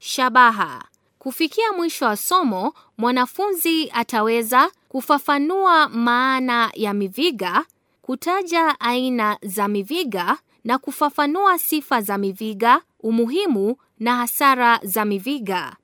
Shabaha: kufikia mwisho wa somo, mwanafunzi ataweza kufafanua maana ya miviga, kutaja aina za miviga na kufafanua sifa za miviga, umuhimu na hasara za miviga.